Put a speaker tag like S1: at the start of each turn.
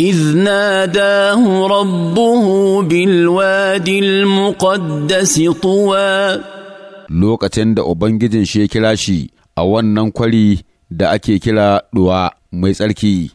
S1: اذ ناداه ربه بالوادي المقدس طوى
S2: lokacin da ubangijin shi ya kira shi a wannan kwari da ake kira ɗuwa mai tsarki